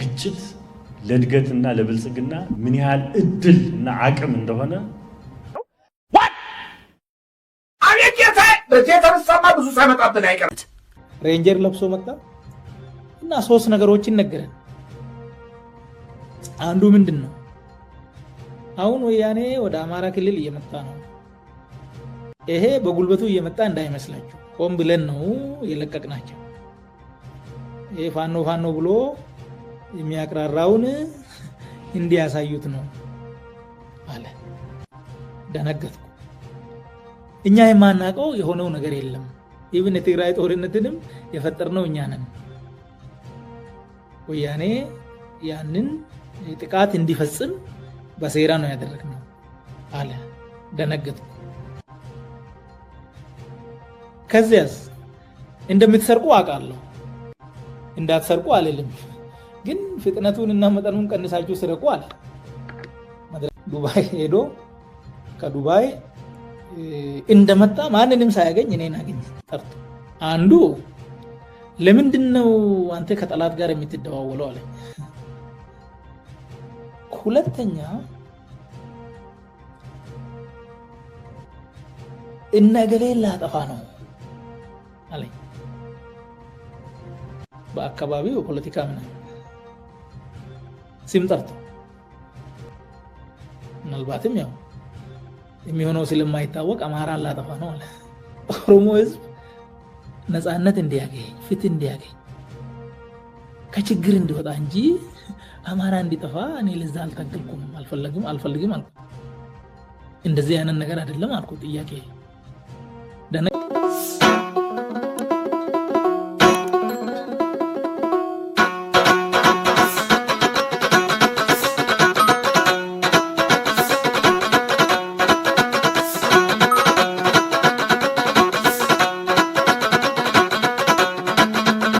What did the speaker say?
ግጭት ለእድገትና ለብልጽግና ምን ያህል እድል እና አቅም እንደሆነ የተነሳማ ብዙ ሳይመጣብን አይቀርም። ሬንጀር ለብሶ መጣ እና ሶስት ነገሮችን ይነገረን። አንዱ ምንድን ነው? አሁን ወያኔ ወደ አማራ ክልል እየመጣ ነው። ይሄ በጉልበቱ እየመጣ እንዳይመስላችሁ፣ ቆም ብለን ነው የለቀቅናቸው። ይሄ ፋኖ ፋኖ ብሎ የሚያቅራራውን እንዲያሳዩት ነው አለ። ደነገጥኩ። እኛ የማናውቀው የሆነው ነገር የለም። ኢብን የትግራይ ጦርነትንም የፈጠርነው እኛ ነን። ወያኔ ያንን ጥቃት እንዲፈጽም በሴራ ነው ያደረግነው አለ። ደነገጥኩ። ከዚያስ እንደምትሰርቁ አውቃለሁ፣ እንዳትሰርቁ አልልም። ግን ፍጥነቱን እና መጠኑን ቀንሳችሁ ስረቁ አለ። ዱባይ ሄዶ ከዱባይ እንደመጣ ማንንም ሳያገኝ እኔን አገኝ ጠርቶ አንዱ ለምንድን ነው አንተ ከጠላት ጋር የምትደዋወለው አለ። ሁለተኛ እነ እገሌን ላጠፋ ነው አለኝ። በአካባቢው ፖለቲካ ምናምን ሲም ጠርቶ ምናልባትም ያው የሚሆነው ስለማይታወቅ አማራ ላጠፋ ነው አለ። ኦሮሞ ህዝብ ነፃነት እንዲያገኝ ፍትህ እንዲያገኝ ከችግር እንዲወጣ እንጂ አማራ እንዲጠፋ እኔ ለዛ አልታገልኩም፣ አልፈልግም አልፈልግም አልኩ። እንደዚህ አይነት ነገር አይደለም አልኩ ጥያቄ